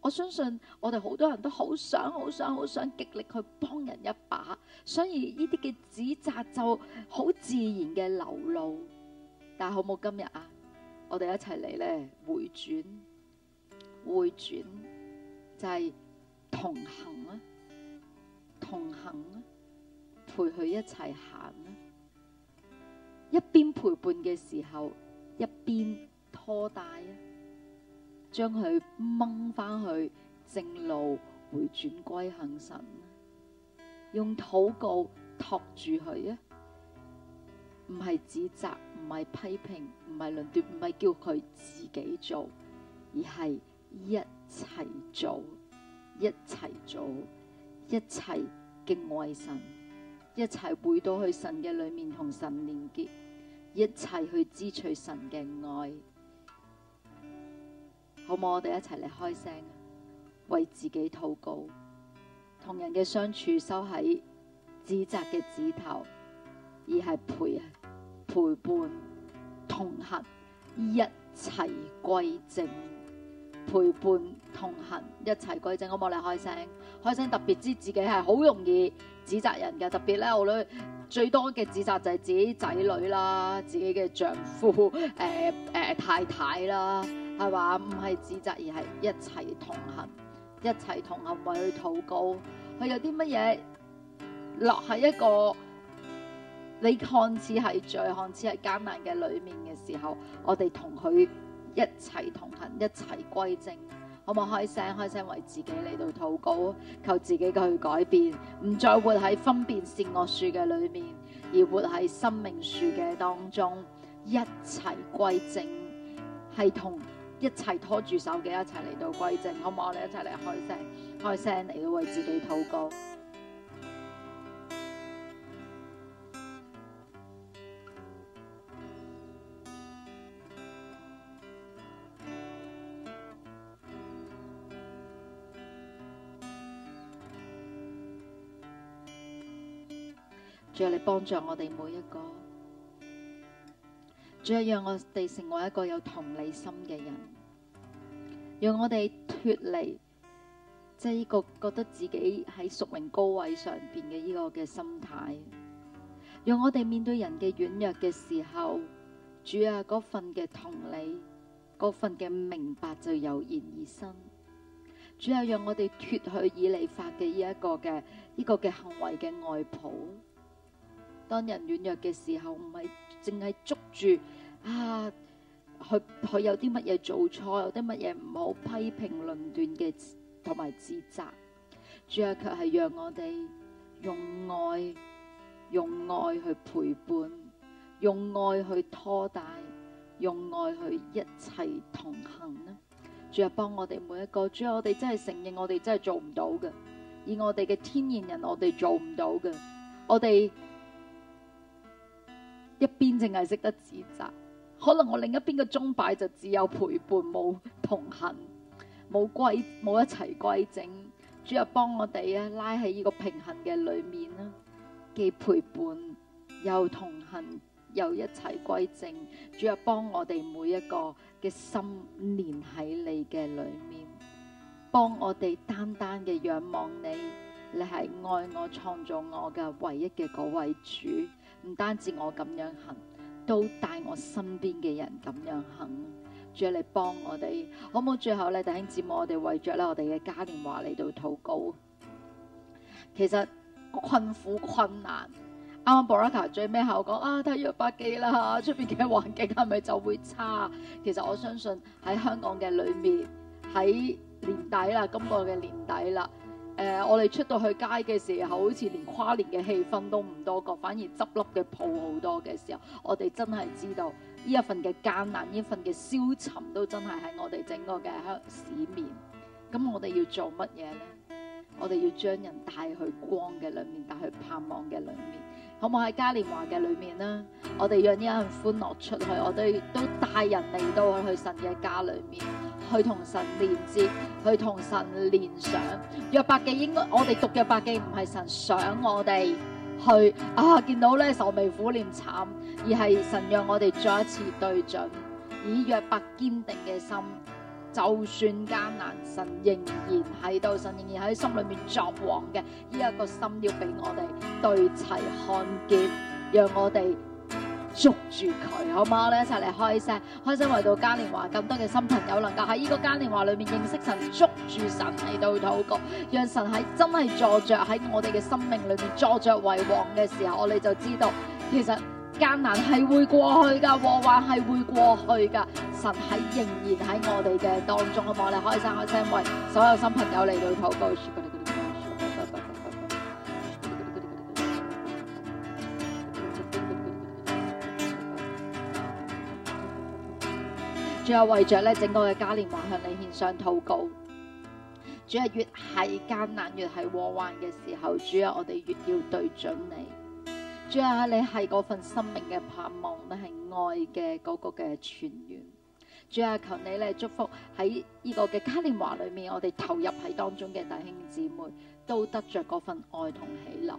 我相信我哋好多人都好想、好想、好想極力去幫人一把，所以呢啲嘅指責就好自然嘅流露。但係好冇，今日啊，我哋一齊嚟呢回轉，回轉，就係同行啊，同行啊，陪佢一齊行啊，一邊陪伴嘅時候，一邊拖帶啊，將佢掹翻去正路，回轉歸向神，用禱告托住佢啊！唔係指責，唔係批評，唔係論斷，唔係叫佢自己做，而係一齊做，一齊做，一齊敬畏神，一齊回到去神嘅裏面同神連結，一齊去支取神嘅愛，好唔好？我哋一齊嚟開聲，為自己禱告，同人嘅相處收喺指責嘅指頭，而係陪啊！陪伴同行，一齊歸正。陪伴同行，一齊歸正。我冇嚟開聲，開聲特別知自己係好容易指責人嘅，特別咧，我覺得最多嘅指責就係自己仔女啦，自己嘅丈夫誒誒、呃呃、太太啦，係嘛？唔係指責而係一齊同行，一齊同行，咪去禱告。佢有啲乜嘢落喺一個？你看似係最看似係艱難嘅裏面嘅時候，我哋同佢一齊同行，一齊歸正，好唔好？開聲開聲，為自己嚟到禱告，求自己去改變，唔再活喺分辨善惡樹嘅裏面，而活喺生命樹嘅當中，一齊歸正，係同一齊拖住手嘅一齊嚟到歸正，好唔好？我哋一齊嚟開聲，開聲嚟到為自己禱告。仲有你幫助我哋每一個，仲有讓我哋成為一個有同理心嘅人，讓我哋脫離即係呢個覺得自己喺屬靈高位上邊嘅呢個嘅心態，讓我哋面對人嘅軟弱嘅時候，主啊，嗰份嘅同理、嗰份嘅明白就油然而生。主要讓我哋脫去以理法嘅呢一個嘅呢個嘅行為嘅外袍。當人軟弱嘅時候，唔係淨係捉住啊，佢佢有啲乜嘢做錯，有啲乜嘢唔好批評、論斷嘅同埋自責。主啊，卻係讓我哋用愛、用愛去陪伴，用愛去拖帶，用愛去一齊同行呢。主啊，幫我哋每一個。主啊，我哋真係承認我哋真係做唔到嘅，以我哋嘅天然人，我哋做唔到嘅，我哋。一邊淨係識得指責，可能我另一邊嘅鐘擺就只有陪伴，冇同行，冇歸，冇一齊歸正。主啊，幫我哋啊，拉喺呢個平衡嘅裏面啦，既陪伴又同行又一齊歸正。主啊，幫我哋每一個嘅心連喺你嘅裏面，幫我哋單單嘅仰望你，你係愛我、創造我嘅唯一嘅嗰位主。唔單止我咁樣行，都帶我身邊嘅人咁樣行，仲有嚟幫我哋，好冇？最後咧，弟兄姊妹，我哋為著咧我哋嘅嘉年華嚟到禱告。其實困苦困難，啱啱 Beracah 最尾效果啊，睇咗百幾啦，出邊嘅環境係咪就會差？其實我相信喺香港嘅裏面，喺年底啦，今個嘅年底啦。誒、呃，我哋出到去街嘅時候，好似連跨年嘅氣氛都唔多覺，反而執笠嘅鋪好多嘅時候，我哋真係知道呢一份嘅艱難，呢一份嘅消沉都真係喺我哋整個嘅市面。咁我哋要做乜嘢呢？我哋要將人帶去光嘅裏面，帶去盼望嘅裏面。可唔可以喺嘉年華嘅裏面咧？我哋讓呢一份歡樂出去，我哋都帶人嚟到去神嘅家裏面。去同神連接，去同神連想。約伯記應該，我哋讀約伯記唔係神想我哋去啊，見到咧愁眉苦臉慘，而係神讓我哋再一次對準，以約伯堅定嘅心，就算艱難，神仍然喺度，神仍然喺心裏面作王嘅。呢、這、一個心要俾我哋對齊看見，讓我哋。捉住佢，好唔好咧？我哋一齊嚟開聲，開聲為到嘉年華，咁多嘅新朋友能夠喺呢個嘉年華裏面認識神，捉住神嚟到禱告，讓神喺真係坐著喺我哋嘅生命裏面坐著為王嘅時候，我哋就知道其實艱難係會過去噶，禍患係會過去噶，神喺仍然喺我哋嘅當中，好唔好咧？我哋開聲開聲，為所有新朋友嚟到禱告，主，佢哋。我為著咧整個嘅嘉年華向你獻上禱告。主啊，越係艱難越係禍患嘅時候，主啊，我哋越要對準你。主啊，你係嗰份生命嘅盼望，你係愛嘅嗰個嘅泉源。主啊，求你咧祝福喺呢個嘅嘉年華裏面，我哋投入喺當中嘅弟兄姊妹都得着嗰份愛同喜樂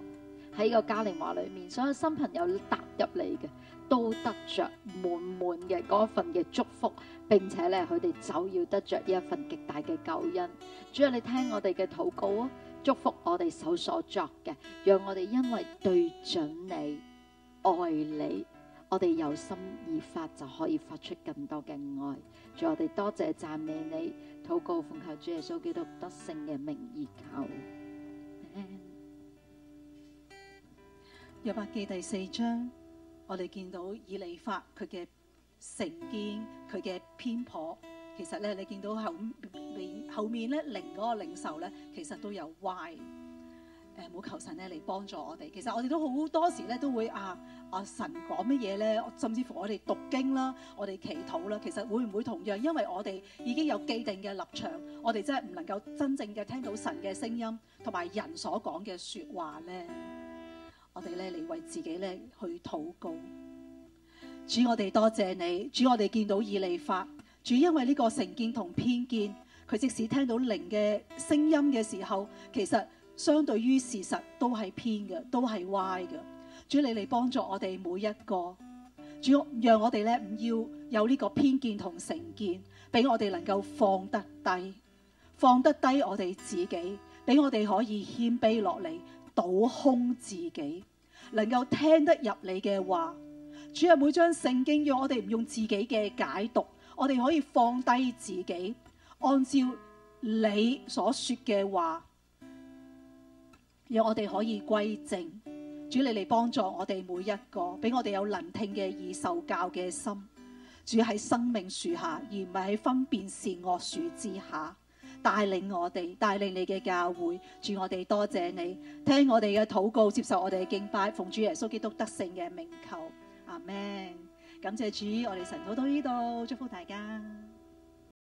喺呢個嘉年華裏面。所有新朋友踏入嚟嘅。都得着滿滿嘅嗰一份嘅祝福，並且咧佢哋就要得着呢一份極大嘅救恩。主啊，你聽我哋嘅禱告啊，祝福我哋手所作嘅，讓我哋因為對準你、愛你，我哋由心而發就可以發出更多嘅愛。主，我哋多謝讚美你，禱告奉求主耶穌基督得勝嘅名而求。約伯記第四章。我哋見到以理法佢嘅成見，佢嘅偏頗，其實咧你見到後面後面咧零嗰個領受咧，其實都有歪。誒，冇求神咧嚟幫助我哋。其實我哋都好多時咧都會啊啊神講乜嘢咧？甚至乎我哋讀經啦，我哋祈禱啦，其實會唔會同樣？因為我哋已經有既定嘅立場，我哋真係唔能夠真正嘅聽到神嘅聲音，同埋人所講嘅説話。咧我哋咧嚟為自己咧去禱告。主，我哋多謝你，主，我哋見到以利法，主因為呢個成見同偏見，佢即使聽到靈嘅聲音嘅時候，其實相對於事實都係偏嘅，都係歪嘅。主，你嚟幫助我哋每一個，主讓我哋咧唔要有呢個偏見同成見，俾我哋能夠放得低，放得低我哋自己，俾我哋可以謙卑落嚟。倒空自己，能夠聽得入你嘅話，主啊，每章聖經讓我哋唔用自己嘅解讀，我哋可以放低自己，按照你所說嘅話，讓我哋可以歸正。主你嚟幫助我哋每一個，俾我哋有能聽嘅耳受教嘅心。主喺生命樹下，而唔係喺分辨善惡樹之下。帶領我哋，帶領你嘅教會，主，我哋多謝你，聽我哋嘅禱告，接受我哋嘅敬拜，奉主耶穌基督得勝嘅名求，阿們，感謝主，我哋晨禱到呢度，祝福大家。